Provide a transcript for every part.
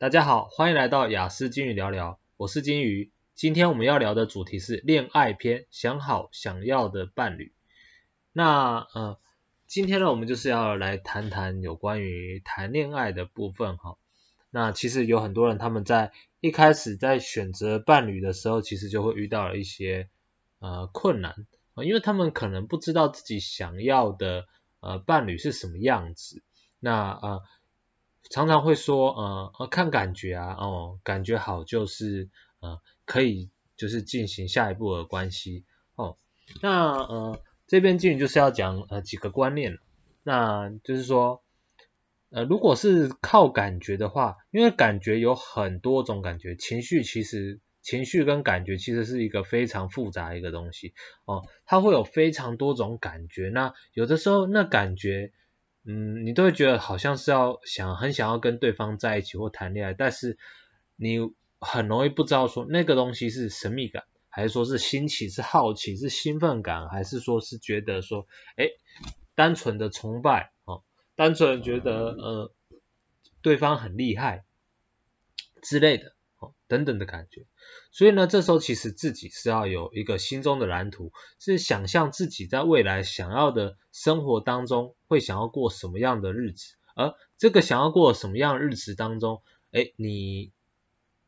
大家好，歡迎來到雅思金魚聊聊，我是金魚。今天我們要聊的主題是戀愛篇，想好想要的伴侶。那呃，今天呢，我們就是要來談談有關於談戀愛的部分哈。那其實有很多人他們在一開始在選擇伴侶的時候，其實就會遇到了一些呃困難啊，呃，因為他們可能不知道自己想要的呃伴侶是什麼樣子。那啊。呃常常會說，呃，看感覺啊，哦，感覺好就是，呃，可以就是進行下一步的關係，哦，那，呃，這邊進就是要講，呃，幾個觀念，那就是說，呃，如果是靠感覺的話，因為感覺有很多種感覺，情緒其實，情緒跟感覺其實是一個非常複雜的一個東西，哦，它會有非常多種感覺，那有的時候那感覺。嗯，你都會覺得好像是要想很想要跟對方在一起或談戀愛，但是你很容易不知道說那個東西是神秘感，還是說是新奇、是好奇、是興奮感，還是說是覺得說，哎，單純的崇拜哦、呃，單純覺得呃對方很厲害之類的。等等的感覺，所以呢，這時候其實自己是要有一個心中的藍圖，是想象自己在未來想要的生活當中會想要過什麼樣的日子，而這個想要過什麼樣的日子當中，誒，你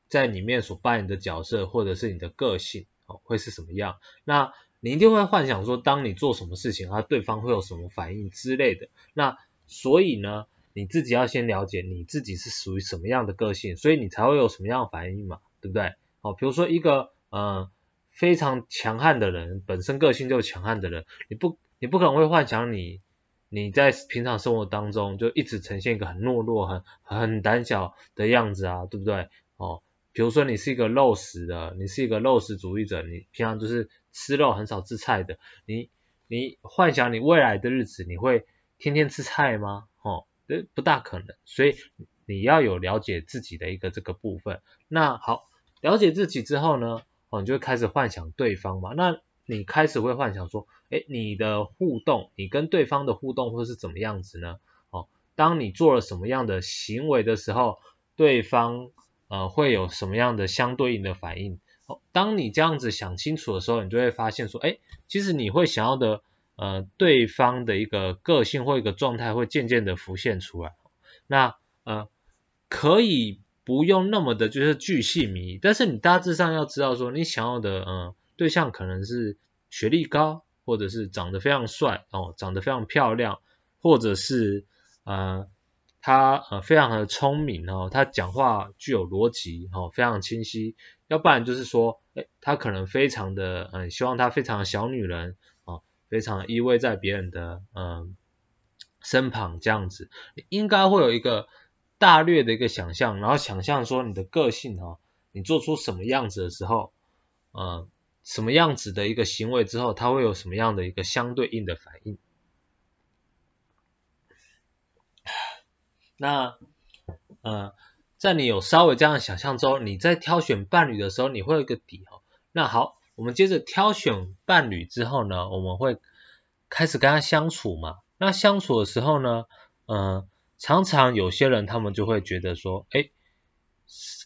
在裡面所扮演的角色或者是你的個性哦，會是什麼樣？那你一定會幻想說，當你做什麼事情，啊，對方會有什麼反應之類的。那所以呢？你自己要先了解你自己是屬於什麼樣的個性，所以你才會有什麼樣的反應嘛，對不對？哦，比如說一個呃非常強悍的人，本身個性就強悍的人，你不你不可能會幻想你你在平常生活當中就一直呈現一個很懦弱，很很膽小的樣子啊，對不對？哦，比如說你是一個肉食的，你是一個肉食主義者，你平常就是吃肉很少吃菜的，你你幻想你未來的日子你會天天吃菜嗎？哦，呃，不大可能，所以你要有了解自己的一個這個部分。那好，了解自己之後呢，哦，你就會開始幻想對方嘛。那你開始會幻想說，誒，你的互動，你跟對方的互動會是怎麼樣子呢？哦，當你做了什麼樣的行為的時候，對方呃會有什麼樣的相對應的反應？哦，當你這樣子想清楚的時候，你就會發現說，誒，其實你會想要的。呃，對方的一個個性或一個狀態會漸漸的浮現出來。那呃，可以不用那麼的，就是巨細靡遺。但是你大致上要知道說，說你想要的，嗯、呃，對象可能是學歷高，或者是長得非常帥哦，長得非常漂亮，或者是呃，他呃非常的聰明哦，他講話具有邏輯哦，非常清晰。要不然就是說，哎，他可能非常的，嗯，希望他非常的小女人啊。哦非常依偎在別人的嗯身旁這樣子，你應該會有一個大略的一個想象然後想象說你的個性哦，你做出什麼樣子的時候，嗯，什麼樣子的一個行為之後，他會有什麼樣的一個相對應的反應。那嗯，在你有稍微這樣的想象之後，你在挑選伴侶的時候，你會有一個底哦。那好。我們接着挑選伴侶之後呢，我們會開始跟他相處嘛。那相處的時候呢，嗯、呃，常常有些人他們就會覺得說，哎，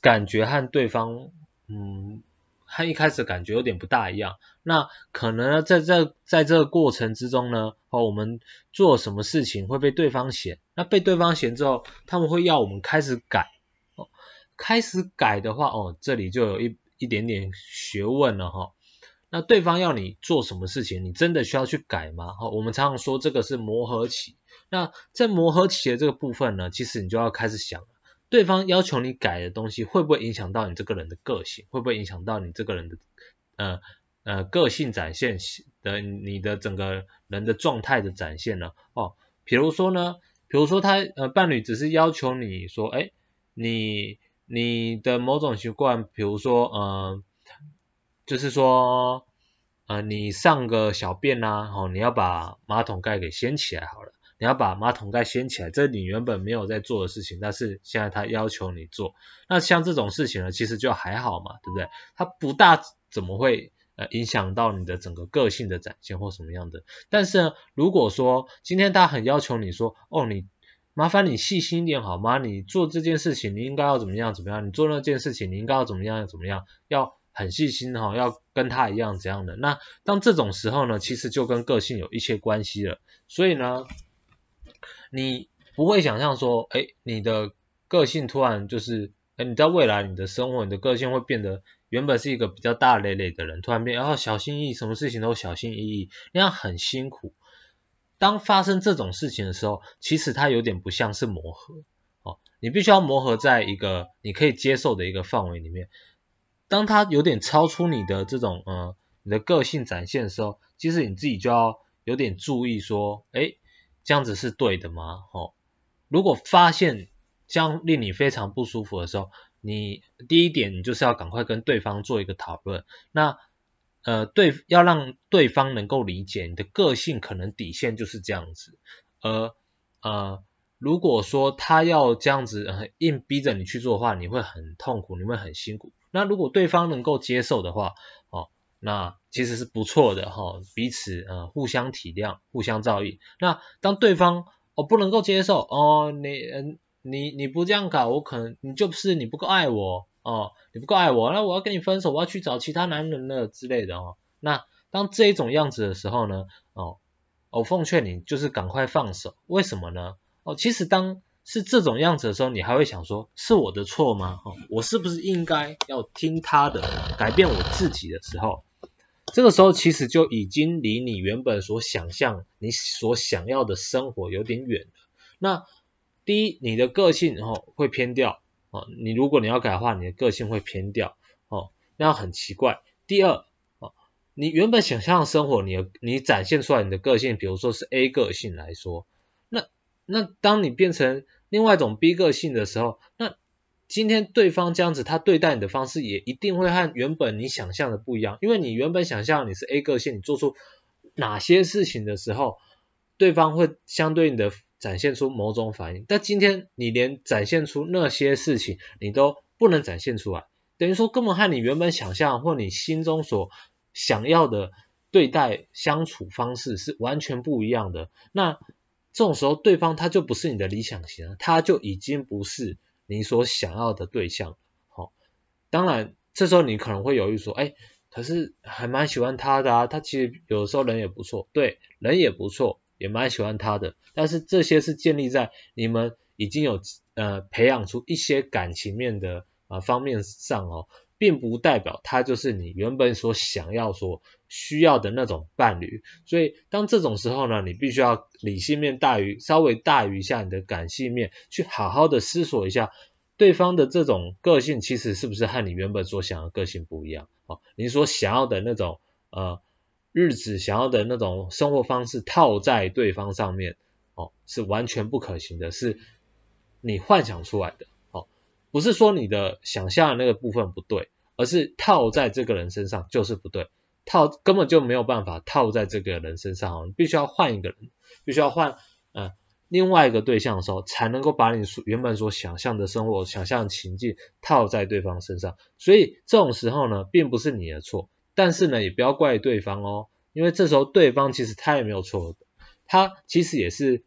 感覺和對方，嗯，和一開始感覺有點不大一樣。那可能在這在這個過程之中呢，哦，我們做什麼事情會被對方嫌。那被對方嫌之後，他們會要我們開始改。哦、開始改的話，哦，這裡就有一一點點學問了哈。哦那對方要你做什麼事情，你真的需要去改嗎？哦，我們常常說這個是磨合期。那在磨合期的這個部分呢，其實你就要開始想，對方要求你改的東西，會不會影響到你這個人的個性？會不會影響到你這個人的，呃呃，個性展現的，你的整個人的狀態的展現呢？哦，比如說呢，比如說他呃伴侶只是要求你說，誒，你你的某種習慣，比如說呃。就是說，呃，你上個小便吶、啊，哦，你要把馬桶蓋給掀起來好了。你要把馬桶蓋掀起來，這是你原本沒有在做的事情，但是現在他要求你做。那像這種事情呢，其實就還好嘛，對不對？它不大怎麼會呃影響到你的整個個性的展現或什麼樣的。但是呢，如果說今天他很要求你說，哦，你麻煩你細心一點好嗎？你做這件事情你應該要怎麼樣怎麼樣？你做那件事情你應該要怎麼樣怎麼樣？要很細心哈、哦，要跟他一樣這樣的。那當這種時候呢，其實就跟個性有一些關係了。所以呢，你不會想象說，誒，你的個性突然就是，誒，你在未來你的生活，你的個性會變得原本是一個比較大咧咧的人，突然變然後、哦、小心翼翼，什麼事情都小心翼翼，那樣很辛苦。當發生這種事情的時候，其實它有點不像是磨合哦，你必須要磨合在一個你可以接受的一個範圍裡面。當他有點超出你的這種，呃，你的個性展現的時候，其實你自己就要有點注意說，哎，這樣子是對的嗎？好、哦，如果發現這樣令你非常不舒服的時候，你第一點你就是要趕快跟對方做一個討論。那，呃，對，要讓對方能夠理解你的個性可能底線就是這樣子，而，呃。如果說他要這樣子硬逼着你去做的話，你會很痛苦，你會很辛苦。那如果對方能夠接受的話，哦，那其實是不錯的哈，哦，彼此，呃，互相體諒，互相照應。那當對方哦，不能夠接受哦，你你你不這樣搞，我可能你就是你不夠愛我哦，你不夠愛我，那我要跟你分手，我要去找其他男人了之類的哦。那當這種樣子的時候呢，哦，我奉勸你就是趕快放手，為什麼呢？哦，其實當是這種樣子的時候，你還會想說是我的錯嗎？哦，我是不是應該要聽他的，改變我自己的時候，這個時候其實就已經離你原本所想象、你所想要的生活有點遠了。那第一，你的個性哦會偏掉哦，你如果你要改的話，你的個性會偏掉哦，那很奇怪。第二哦，你原本想象的生活，你有你展現出來你的個性，比如說是 A 個性來說。那當你變成另外一種 B 個性的時候，那今天對方這樣子，他對待你的方式也一定會和原本你想象的不一樣。因為你原本想象你是 A 個性，你做出哪些事情的時候，對方會相對應的展現出某種反應。但今天你連展現出那些事情，你都不能展現出來，等於說根本和你原本想象或你心中所想要的對待相處方式是完全不一樣的。那。這種時候，對方他就不是你的理想型，他就已經不是你所想要的對象。好，當然，這時候你可能會猶豫說，誒，可是還蠻喜歡他的啊，他其實有的時候人也不錯，對，人也不錯，也蠻喜歡他的。但是這些是建立在你們已經有呃培養出一些感情面的啊方面上哦。並不代表他就是你原本所想要所需要的那種伴侶，所以當這種時候呢，你必須要理性面大於稍微大於一下你的感性面，去好好的思索一下，對方的這種個性其實是不是和你原本所想要個性不一樣哦，你所想要的那種呃日子，想要的那種生活方式套在對方上面哦，是完全不可行的，是你幻想出來的。不是說你的想象的那個部分不對，而是套在這個人身上就是不對，套根本就沒有辦法套在這個人身上，你必須要換一個人，必須要換嗯、呃、另外一個對象的時候，才能夠把你所原本所想象的生活、想象的情境套在對方身上。所以這種時候呢，並不是你的錯，但是呢，也不要怪對方哦，因為這時候對方其實他也沒有錯，他其實也是。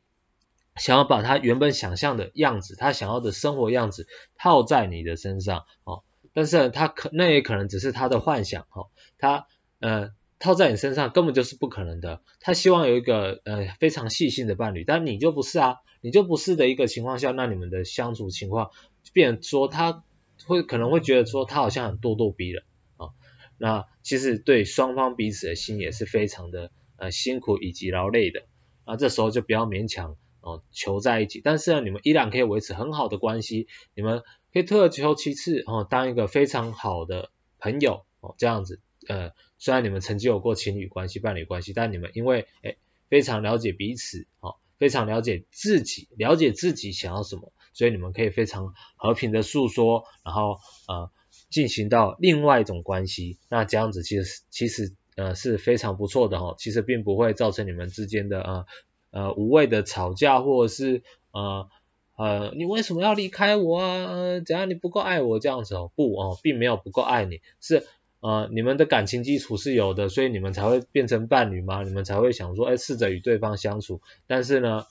想要把他原本想象的樣子，他想要的生活樣子套在你的身上哦，但是他可那也可能只是他的幻想哦，他呃套在你身上根本就是不可能的。他希望有一個呃非常細心的伴侶，但你就不是啊，你就不是的一個情況下，那你們的相處情況，就變成說他會可能會覺得說他好像很咄咄逼人啊、哦，那其實對雙方彼此的心也是非常的呃辛苦以及勞累的，那、啊、這時候就不要勉強。哦，求在一起，但是呢、啊，你們依然可以維持很好的關係，你們可以退而求其次哦，當一個非常好的朋友哦，這樣子，呃，雖然你們曾經有過情侶關係、伴侶關係，但你們因為誒非常了解彼此，哦，非常了解自己，了解自己想要什麼，所以你們可以非常和平的訴說，然後呃，進行到另外一種關係，那這樣子其實其實呃是非常不錯的哈、哦，其實並不會造成你們之間的呃。呃，無謂的吵架，或者是呃呃，你為什麼要離開我啊？呃，怎樣你不夠愛我這樣子哦？不哦，並沒有不夠愛你，是呃，你們的感情基礎是有的，所以你們才會變成伴侶嘛，你們才會想說，哎，試着與對方相處。但是呢，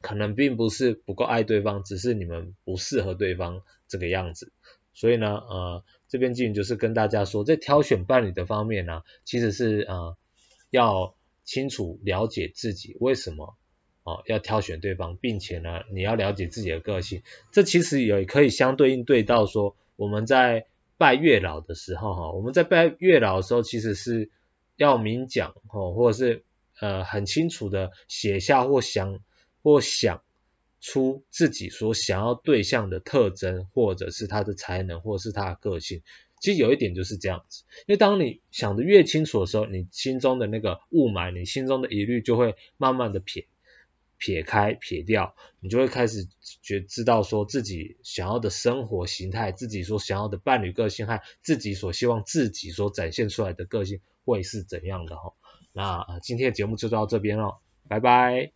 可能並不是不夠愛對方，只是你們不適合對方這個樣子。所以呢，呃，這邊建議就是跟大家說，在挑選伴侶的方面呢，啊，其實是啊，呃，要。清楚了解自己為什麼啊要挑選對方，並且呢，你要了解自己的個性。這其實也可以相對應對到說，我們在拜月老的時候哈，我們在拜月老的時候，其實是要明講哈，或者是呃很清楚的寫下或想或想出自己所想要對象的特徵，或者是他的才能，或者是他的個性。其實有一點就是這樣子，因為當你想得越清楚的時候，你心中的那個霧霾，你心中的疑慮就會慢慢的撇撇開、撇掉，你就會開始覺得知道說自己想要的生活形態，自己所想要的伴侶個性還有自己所希望自己所展現出來的個性會是怎樣的哈。那今天的節目就到這邊了，拜拜。